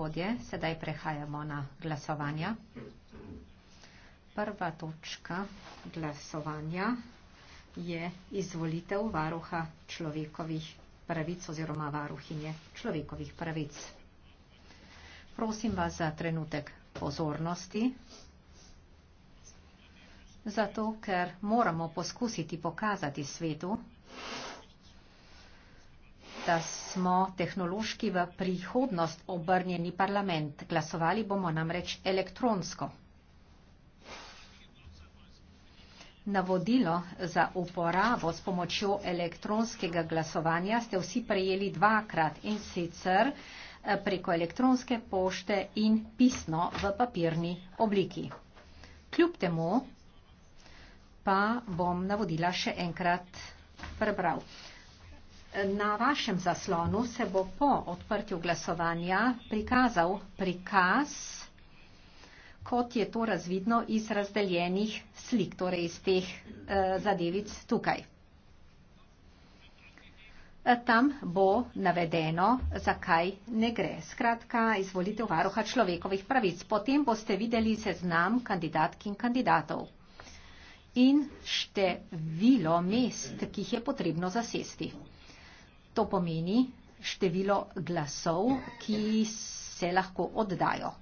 gospodje, sedaj prehajamo na glasovanja. Prva točka glasovanja je izvolitev varuha človekovih pravic oziroma varuhinje človekovih pravic. Prosim vas za trenutek pozornosti, zato ker moramo poskusiti pokazati svetu, da smo tehnološki v prihodnost obrnjeni parlament. Glasovali bomo namreč elektronsko. Navodilo za uporabo s pomočjo elektronskega glasovanja ste vsi prejeli dvakrat in sicer eh, preko elektronske pošte in pisno v papirni obliki. Kljub temu pa bom navodila še enkrat prebral. Na vašem zaslonu se bo po odprtju glasovanja prikazal prikaz, kot je to razvidno iz razdeljenih slik, torej iz teh eh, zadevic tukaj. Eh, tam bo navedeno, zakaj ne gre. Skratka, izvolite varuha človekovih pravic. Potem boste videli seznam kandidatk in kandidatov in število mest, ki jih je potrebno zasesti. To pomeni število glasov, ki se lahko oddajo.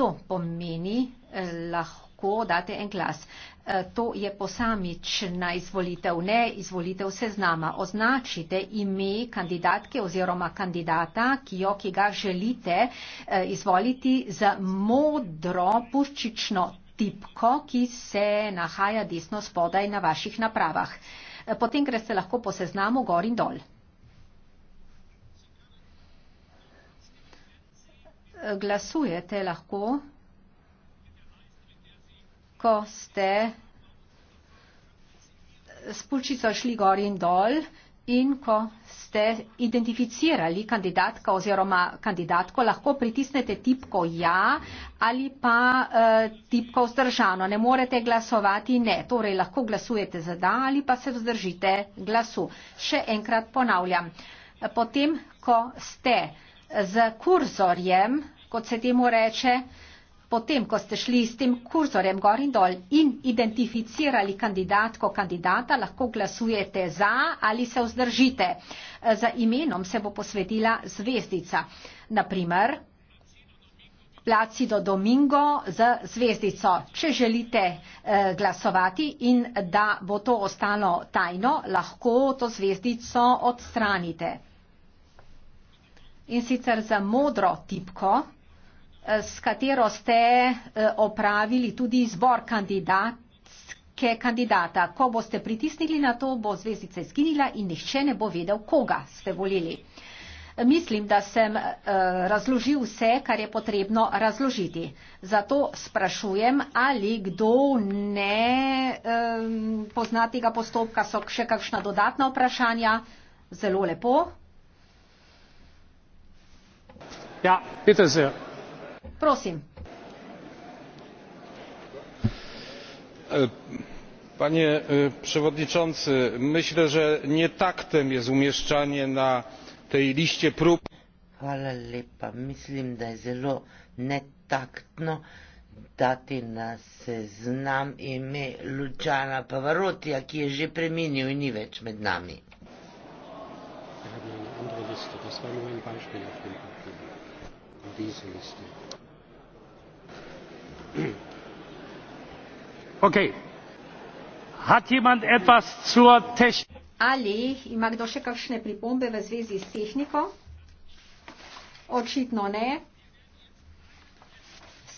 To pomeni eh, lahko date en glas. Eh, to je posamična izvolitev, ne izvolitev seznama. Označite ime kandidatke oziroma kandidata, ki jo, ki ga želite eh, izvoliti z modro puščično tipko, ki se nahaja desno spodaj na vaših napravah. Potem greste lahko po seznamu gor in dol. glasujete lahko, ko ste s pulčico šli gor in dol in ko ste identificirali kandidatka oziroma kandidatko, lahko pritisnete tipko ja ali pa uh, tipko vzdržano. Ne morete glasovati ne. Torej lahko glasujete za da ali pa se vzdržite glasu. Še enkrat ponavljam. Potem, ko ste uh, z kurzorjem, kot se temu reče, potem, ko ste šli s tem kurzorjem gor in dol in identificirali kandidatko, kandidata, lahko glasujete za ali se vzdržite. Za imenom se bo posvetila zvezdica. Naprimer, Placido Domingo z zvezdico. Če želite eh, glasovati in da bo to ostalo tajno, lahko to zvezdico odstranite in sicer za modro tipko, eh, s katero ste eh, opravili tudi izbor kandidatske kandidata. Ko boste pritisnili na to, bo zvezdica izginila in nihče ne bo vedel, koga ste volili. Mislim, da sem eh, razložil vse, kar je potrebno razložiti. Zato sprašujem, ali kdo ne pozna tega postopka, so še kakšna dodatna vprašanja. Zelo lepo. Ja, vidite se. Prosim. E, panie e, przewodniczący, myślę, że nie taktem jest umieszczanie na tej liście prób. Hvala lepa. Mislim, da je zelo netaktno dati na seznam ime Lučana Pavarotija, ki je že preminil in ni več med nami. Ja, dieselliste. Okay. Hat jemand etwas zur Technik? Ali ima kdo še kakšne pripombe v zvezi s tehniko? Očitno ne.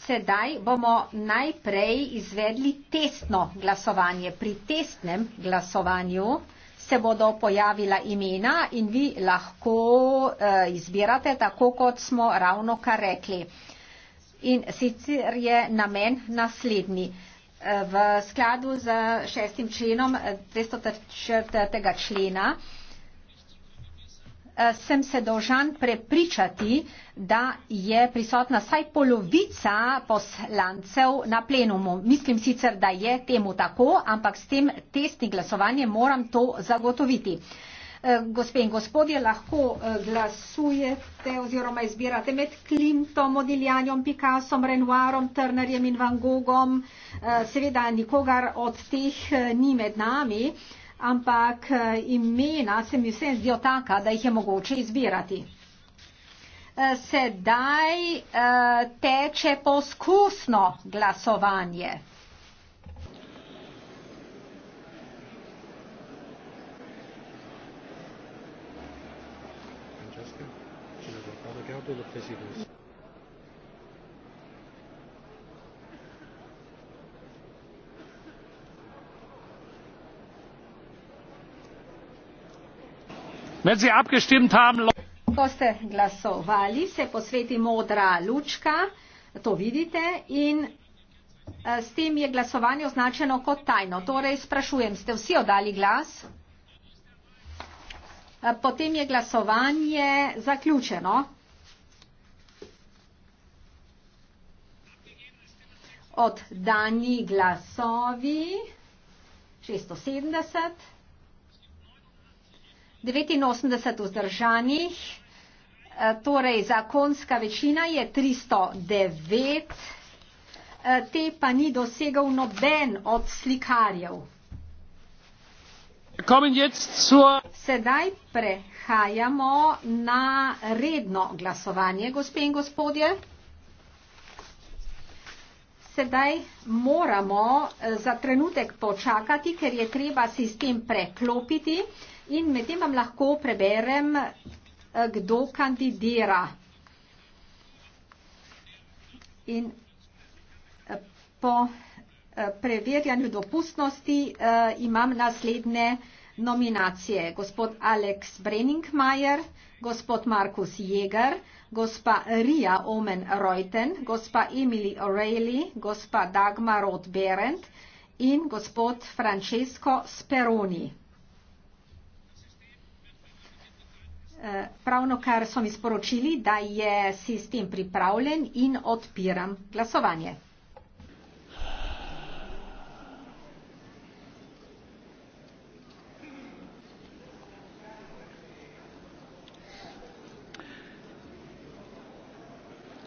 Sedaj bomo najprej izvedli testno glasovanje. Pri testnem glasovanju se bodo pojavila imena in vi lahko eh, izbirate, tako kot smo ravno kar rekli. In sicer je namen naslednji. Eh, v skladu z šestim členom 204. Eh, člena Eh, sem se dožan prepričati, da je prisotna saj polovica poslancev na plenumu. Mislim sicer, da je temu tako, ampak s tem testnim glasovanjem moram to zagotoviti. Eh, gospe in gospodje, lahko eh, glasujete oziroma izbirate med Klimtom, Modiljanjem, Picassom, Renoirom, Trnerjem in Van Gogom. Seveda nikogar od teh ni med nami ampak eh, imena se mi vse zdijo taka, da jih je mogoče izbirati. Eh, sedaj eh, teče poskusno glasovanje. Več si abgestimmt haben. Ko ste glasovali, se posveti modra lučka, to vidite, in eh, s tem je glasovanje označeno kot tajno. Torej, sprašujem, ste vsi oddali glas? Eh, potem je glasovanje zaključeno. Oddani glasovi 670. 89 vzdržanih, eh, torej zakonska večina je 309, eh, te pa ni dosegal noben od slikarjev. Sedaj prehajamo na redno glasovanje, gospe in gospodje. Sedaj moramo eh, za trenutek počakati, ker je treba sistem preklopiti. In medtem vam lahko preberem, eh, kdo kandidira. In eh, po eh, preverjanju dopustnosti imam naslednje nominacije. Gospod Alex Breningmajer, gospod Markus Jäger, gospa Ria Omen Reuten, gospa Emily O'Reilly, gospa Dagmar Roth-Berendt in gospod Francesco Speroni. Eh, pravno kar so mi sporočili, da je sistem pripravljen in odpiram glasovanje.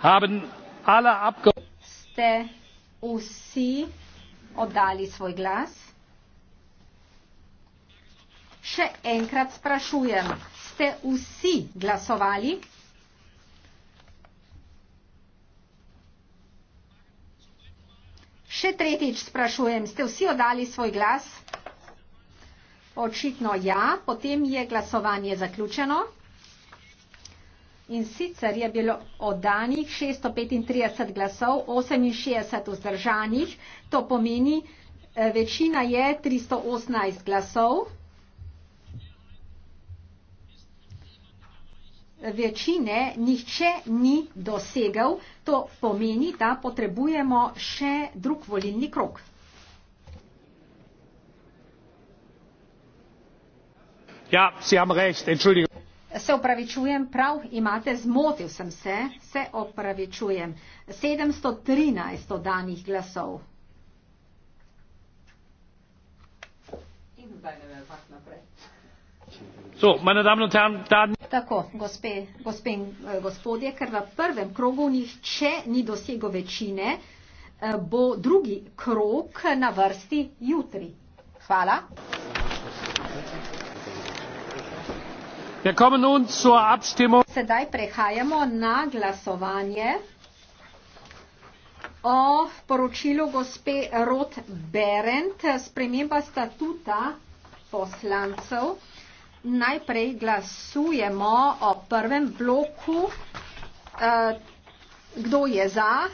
Haben alle Ste vsi oddali svoj glas? Še enkrat sprašujem ste vsi glasovali. Še tretjič sprašujem, ste vsi oddali svoj glas? Očitno ja, potem je glasovanje zaključeno. In sicer je bilo oddanih 635 glasov, 68 vzdržanih, to pomeni, eh, večina je 318 glasov. večine nihče ni dosegel, to pomeni, da potrebujemo še drug volilni krok. Ja, recht, se upravičujem, prav imate, zmotil sem se, se upravičujem. 713 danih glasov. In zdaj ne vem, kako naprej. So, meine Damen und Herren, dann Tako, gospe, gospe in eh, gospodje, ker v prvem krogu nihče ni dosegel večine, eh, bo drugi krog na vrsti jutri. Hvala. Nun zur Sedaj prehajamo na glasovanje o poročilu gospe Roth Berendt, sprememba statuta poslancev najprej glasujemo o prvem bloku, eh, kdo je za,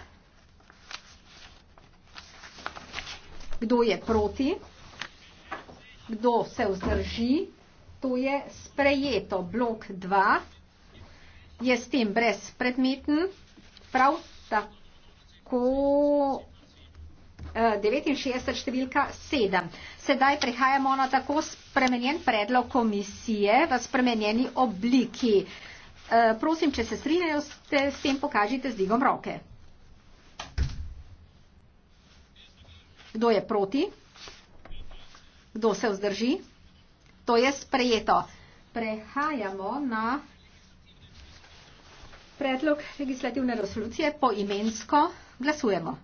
kdo je proti, kdo se vzdrži. To je sprejeto. Blok 2 je s tem brezpredmeten. Prav tako 69 številka 7. Sedaj prehajamo na tako spremenjen predlog komisije v spremenjeni obliki. E, prosim, če se strinjajo, ste s tem pokažite z digom roke. Kdo je proti? Kdo se vzdrži? To je sprejeto. Prehajamo na predlog legislativne resolucije po imensko. Glasujemo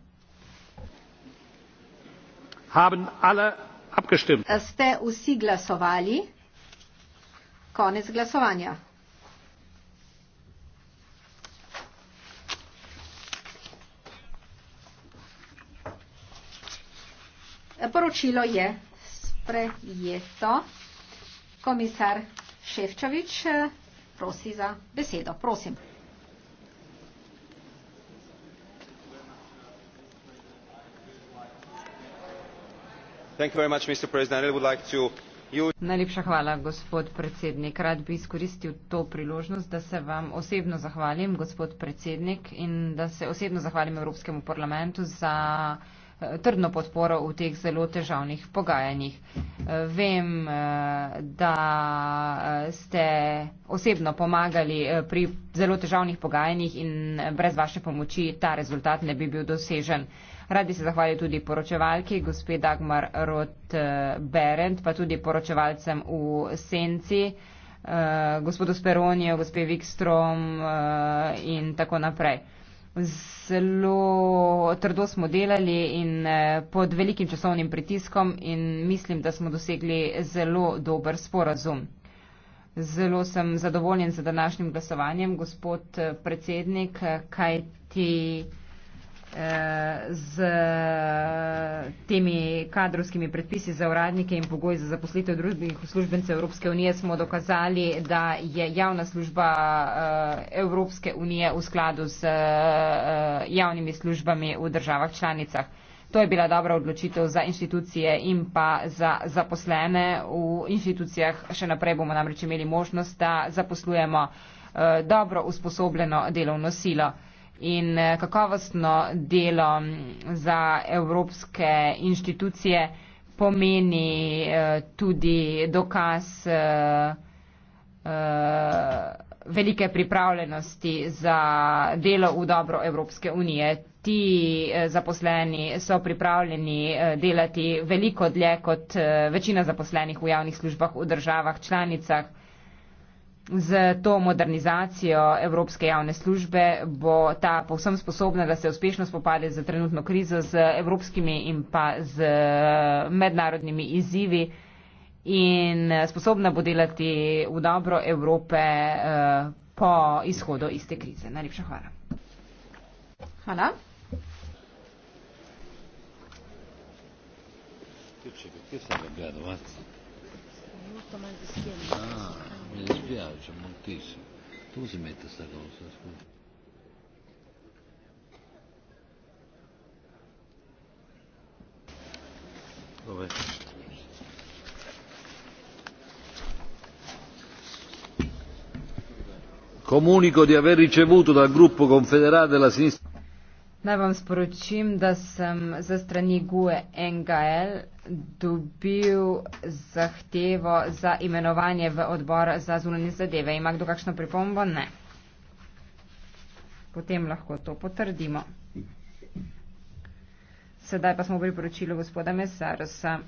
haben alle abgestimmt. Eh, ste vsi glasovali? Konec glasovanja. Eh, poročilo je sprejeto. Komisar Ševčovič eh, prosi za besedo. Prosim. Najlepša hvala, gospod predsednik. Rad bi izkoristil to priložnost, da se vam osebno zahvalim, gospod predsednik, in da se osebno zahvalim Evropskemu parlamentu za eh, trdno podporo v teh zelo težavnih pogajanjih. Eh, vem, eh, da ste osebno pomagali pri zelo težavnih pogajanjih in brez vaše pomoči ta rezultat ne bi bil dosežen. Radi se zahvalijo tudi poročevalki, gospe Dagmar Rot Berend, pa tudi poročevalcem v Senci, eh, gospodu Speronijo, gospe Vikstrom eh, in tako naprej. Zelo trdo smo delali in eh, pod velikim časovnim pritiskom in mislim, da smo dosegli zelo dober sporazum. Zelo sem zadovoljen z današnjim glasovanjem, gospod predsednik, kaj ti. Eh, z temi kadrovskimi predpisi za uradnike in pogoji za zaposlitev družbenih uslužbencev Evropske unije smo dokazali, da je javna služba eh, Evropske unije v skladu z eh, javnimi službami v državah članicah. To je bila dobra odločitev za inštitucije in pa za zaposlene. V inštitucijah še naprej bomo namreč imeli možnost, da zaposlujemo dobro usposobljeno delovno silo in eh, kakovostno delo mm, za evropske inštitucije pomeni eh, tudi dokaz eh, velike pripravljenosti za delo v dobro Evropske unije. Ti zaposleni so pripravljeni delati veliko dlje kot večina zaposlenih v javnih službah v državah članicah Z to modernizacijo Evropske javne službe bo ta povsem sposobna, da se uspešno spopade z trenutno krizo, z evropskimi in pa z eh, mednarodnimi izzivi in eh, sposobna bo delati v dobro Evrope eh, po izhodu iz te krize. Najlepša hvala. Hvala. Če bi, kje sem ga gledal? Minuto manj iz kjena mi dispiace moltissimo dove si mette sta cosa scusa dov'è comunico di aver ricevuto dal gruppo confederale della sinistra Naj vam sporočim, da sem za strani GUE NGL dobil zahtevo za imenovanje v odbor za zunanje zadeve. Ima kdo kakšno pripombo? Ne. Potem lahko to potrdimo. Sedaj pa smo pri poročilu gospoda Mesarosa.